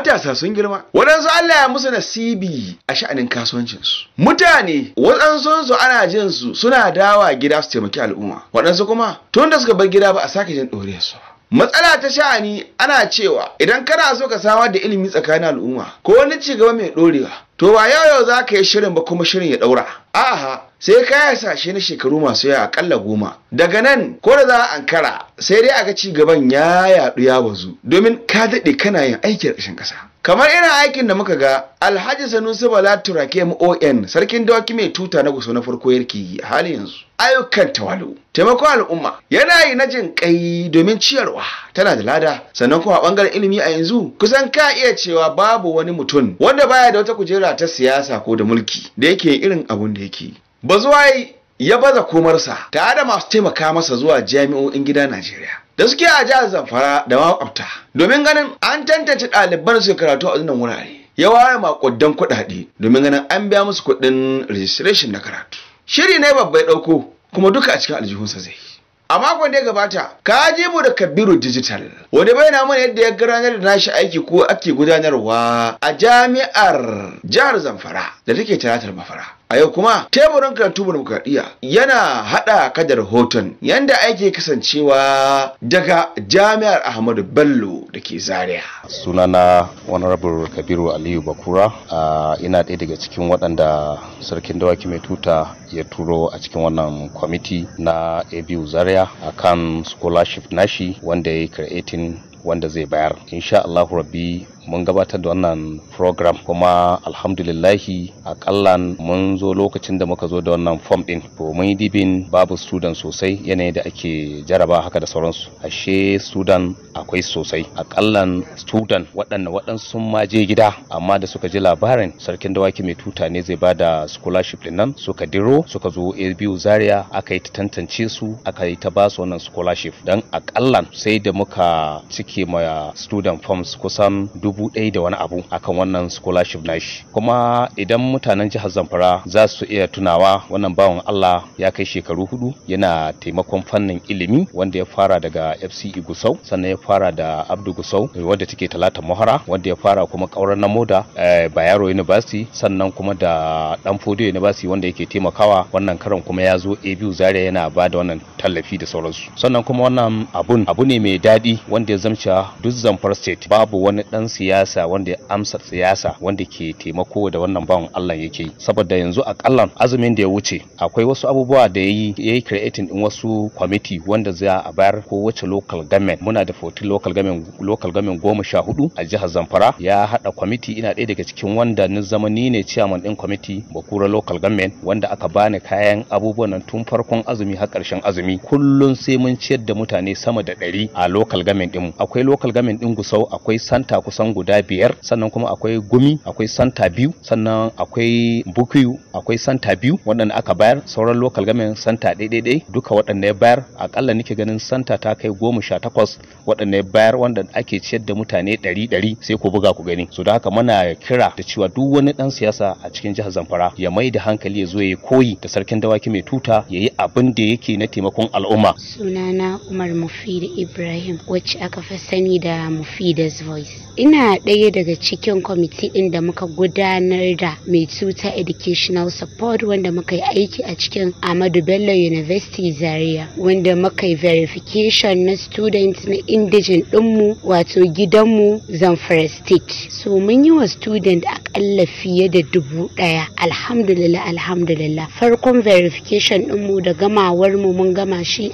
matasa sun girma waɗansu Allah ya musu nasibi a sha'anin kasuwancinsu mutane waɗansu ana jin su suna dawa gida su taimaki al'umma waɗansu kuma tun da suka bar gida ba a sake jin ɗoriyarsu matsala ta sha'ani ana cewa idan kana so ka samar da ilimi tsakanin al'umma ko wani cigaba mai ɗorewa to ba yau yau za ka yi shirin ba kuma shirin ya ɗaura a'a sai ka sashe na shekaru masu yawa akalla goma daga nan ko da za a ankara sai dai ga ci gaban ya yaɗu ya bazu domin ka daɗe kana yin aiki a ƙarshen ƙasa kamar irin aikin da muka ga alhaji sanusi bala turake mon sarkin dawaki mai tuta na gusau na farko yarki halin yanzu ayyukan tawalo taimakon al'umma yana yi na jin kai domin ciyarwa tana da lada sannan kuma a bangaren ilimi a yanzu kusan ka iya cewa babu wani mutum wanda baya da wata kujera ta siyasa ko da mulki da yake irin abun da yake zuwa ya baza komarsa ta da masu taimaka masa zuwa jami'o'in gida Najeriya da suke a jihar Zamfara da makwabta domin ganin an tantance ɗaliban su karatu a wannan wurare ya ware makudan kuɗaɗe domin ganin an biya musu kuɗin registration na karatu shiri ne babba ya ɗauko kuma duka a cikin aljihunsa zai yi. a makon da ya gabata kajibu da kabiru digital wanda bayyana mana yadda ya gudanar da nashi aiki ko ake gudanarwa a jami'ar jihar zamfara da take talatar mafara a yau kuma teburin karatu burokadiyya yana hada ka da rahoton yanda ake kasancewa daga jami'ar ahmadu bello da ke zaria sunana honorable kabiru aliyu bakura uh, ina ɗaya daga cikin waɗanda sarkin dawaki mai tuta ya turo a cikin wannan kwamiti na abu zaria akan scholarship nashi wanda ya yi creating wanda zai bayar insha allahu rabbi mun gabatar da wannan program kuma alhamdulillahi akalla mun zo lokacin da muka zo da wannan form din to mun yi dibin babu student sosai yanayi da ake jaraba haka da sauransu ashe student akwai sosai akalla student waɗanda waɗansu sun ma je gida amma da suka ji labarin sarkin dawaki mai tuta ne zai bada scholarship din nan suka diro suka zo biyu zaria aka yi ta tantance su aka yi ta ba su wannan scholarship dan akalla sai da muka cike ma student forms kusan dubu dubu ɗaya da wani abu akan wannan scholarship nashi kuma idan mutanen jihar zamfara za su iya tunawa wannan bawan allah ya kai shekaru hudu yana taimakon fannin ilimi wanda ya fara daga fce gusau sannan ya fara da abdu gusau wanda take talata muhara wanda ya fara kuma kauran na moda eh, bayero university sannan kuma da dan fodo university wanda yake taimakawa wannan karan kuma ya zo abu zaria yana ba da wannan tallafi da sauransu sannan kuma wannan abun abu ne mai daɗi wanda ya zamce duk zamfara state babu wani dan siyasa wanda ya amsa siyasa wanda ke taimako da wannan bawan Allah yake yi saboda yanzu a akalla azumin da ya wuce akwai wasu abubuwa da yayi yayi creating din wasu committee wanda za a bayar ko wace local government muna da 14 local government local government goma sha hudu a jihar Zamfara ya hada committee ina ɗaya daga cikin wanda ni zamani ne chairman din committee Bakura local government wanda aka bani kayan abubuwan nan tun farkon azumi har karshen azumi kullun sai mun ciyar da mutane sama da ɗari a local government din akwai local government din Gusau akwai Santa kusan guda biyar sannan kuma akwai gumi akwai santa biyu sannan akwai bukuyu akwai santa biyu waɗanda aka bayar sauran lokal government santa ɗaiɗaiɗai duka waɗanda ya bayar akalla nake ganin santa ta kai goma sha takwas waɗanda ya bayar wanda ake ciyar da mutane ɗari ɗari sai ku buga ku gani so da haka muna kira da cewa duk wani ɗan siyasa a cikin jihar zamfara ya mai da hankali ya zo ya koyi da sarkin dawaki mai tuta ya yi abin da yake na taimakon al'umma sunana umar mufid ibrahim wacce aka fi sani da mufida's voice ina ina ɗaya daga cikin kwamiti ɗin da muka gudanar da mai tuta educational support wanda muka yi aiki a cikin Ahmadu Bello University Zaria wanda muka yi verification na student na indigen ɗinmu wato gidanmu Zamfara State. So mun yi wa student ƙalla fiye da dubu ɗaya. Alhamdulillah alhamdulillah. Farkon verification ɗinmu da gamawar mu mun gama shi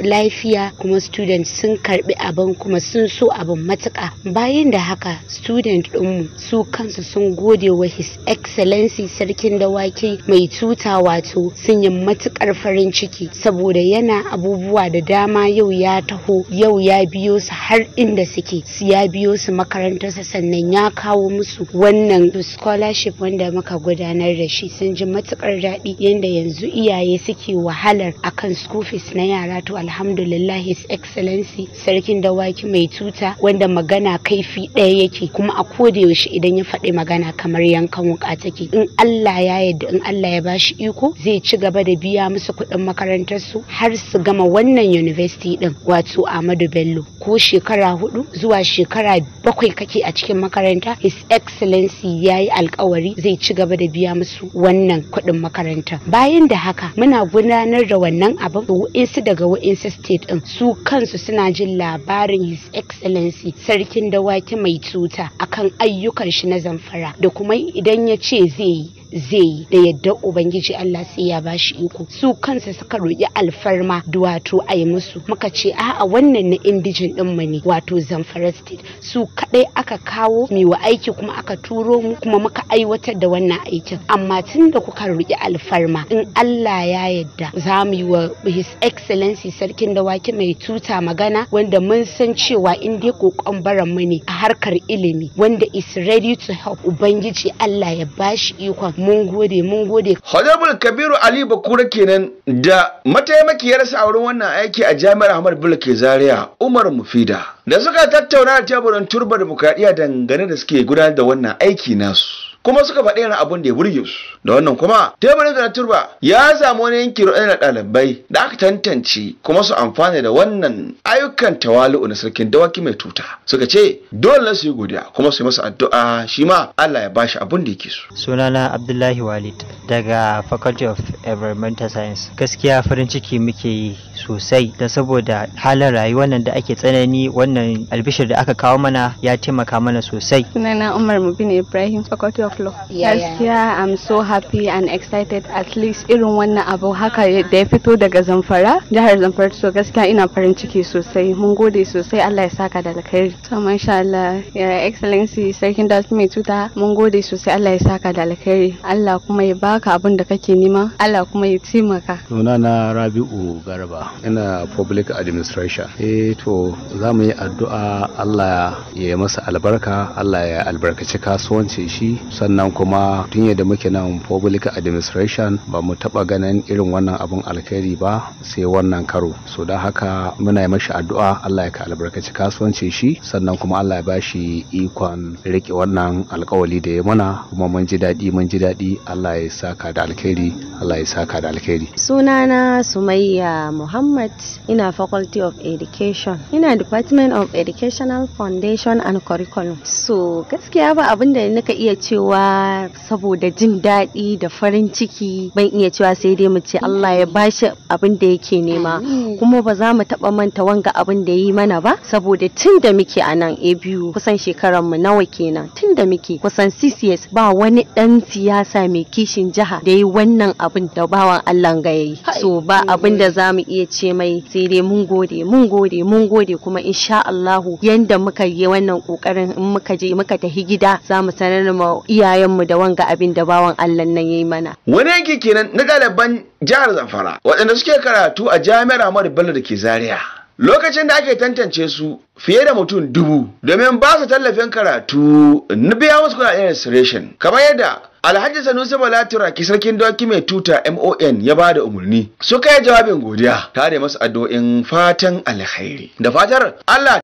lafiya kuma student sun karbi abin kuma sun so abin matuka bayan da haka student ɗinmu su kansu sun gode wa his excellency sarkin dawaki mai tuta wato sun yi matukar farin ciki saboda yana abubuwa da dama yau ya taho yau ya biyo su har inda suke su ya biyo su makarantarsa sannan ya kawo musu wannan scholarship wanda muka gudanar da shi sun ji matukar daɗi yanda yanzu iyaye suke wahalar akan school fees na yara to alhamdulillah his excellency sarkin dawaki mai tuta wanda magana kaifi ɗaya yake kuma a koda yaushe idan ya faɗi magana kamar yankan wuka take in Allah ya yarda in Allah ya bashi iko zai ci gaba da biya musu kuɗin makarantar su har su gama wannan university din wato Ahmadu Bello ko shekara hudu zuwa shekara bakwai kake a cikin makaranta his excellency ya yi alkawari zai ci gaba da biya musu wannan kuɗin makaranta bayan da haka muna gudanar da wannan abin wa'insu daga wa'insu wa'insu state din su kansu suna jin labarin his excellency sarkin dawaki mai tuta akan ayyukan shi na zamfara da kuma idan ya ce zai yi zai yi da yadda ubangiji Allah sai ya bashi iko su kansa suka roƙi alfarma wato a yi musu muka ce a'a wannan na indijin din mu ne wato Zamfara state su kadai aka kawo mai wa aiki kuma aka turo mu kuma muka aiwatar da wannan aikin amma tunda kuka roƙi alfarma in Allah ya yadda za mu yi wa his excellency sarkin dawaki mai tuta magana wanda mun san cewa in dai kokon baran mu ne a harkar ilimi wanda is ready to help ubangiji Allah ya bashi ikon mun gode mun gode Honorable Kabiru Ali Bakura kenan da mataimakiyarsa a wurin wannan aiki a Jami'ar Ahmad Bello ke Zaria Umar Mufida da suka tattauna da teburin turbar bukaɗiya dangane da suke gudanar da wannan aiki nasu kuma suka faɗi yana abun da ya burge su da wannan kuma teburin na turba ya samu wani yanki ruɗe na ɗalibai da aka tantance kuma su amfana da wannan ayyukan tawali'u na sarkin dawaki mai tuta suka ce dole su yi godiya kuma su yi masa addu'a shi ma Allah ya ba shi abun da yake so sunana Abdullahi Walid daga Faculty of Environmental Science gaskiya farin ciki muke yi sosai da saboda halin rayuwar nan da ake tsanani wannan albishir da aka kawo mana ya taimaka mana sosai sunana umar mubin ibrahim faculty of law gaskiya i'm so happy and excited at least irin wannan abu haka da ya fito daga zamfara jihar zamfara so gaskiya ina farin ciki sosai mun gode sosai allah ya saka da alkhairi to masha allah ya excellency sarkin dasmi tuta mun gode sosai allah ya saka da alkhairi allah kuma ya baka abin da kake nema allah kuma ya taimaka sunana rabi'u garba ina public administration eh to za mu yi addu'a Allah ya yi masa albarka Allah ya albarkaci kasuwanci shi sannan kuma tun yadda muke nan public administration ba mu taba ganin irin wannan abun alkhairi ba sai wannan karo so don haka muna yi mashi addu'a Allah ya ka albarkaci kasuwanci shi sannan kuma Allah ya ba shi ikon rike wannan alkawali da ya mana kuma mun ji daɗi mun ji daɗi Allah ya saka da alkhairi Allah ya saka da alkhairi sunana Sumayya Muhammad Muhammad ina Faculty of Education ina Department of Educational Foundation and Curriculum so gaskiya ba abin da nika iya cewa saboda jin daɗi da farin ciki ban iya cewa sai dai mu ce Allah ya bashi abin da yake nema kuma ba za mu taɓa manta wanga abin da yi mana ba saboda tun da muke a nan a biyu kusan shekaran mu nawa kenan tun da muke kusan six years ba wani ɗan siyasa mai kishin jiha da yi wannan abin da bawan Allah ga yayi so ba abin da za mu iya ce mai sai dai mun gode mun gode mun gode kuma insha Allahu yanda muka yi wannan kokarin in muka je muka tafi gida za mu sanar ma iyayenmu da wanga abin da bawan Allah nan yayi mana wani yake kenan na galaban jihar Zamfara waɗanda suke karatu a jami'ar Ahmadu Bello da ke Zaria lokacin da ake tantance su fiye da mutum dubu domin ba su tallafin karatu na biya musu kuɗaɗen restoration kamar yadda alhaji sanusi bala turaki sarkin doki mai tuta mon ya ba da umarni suka yi jawabin godiya tare masu addu'o'in fatan alkhairi da fatar allah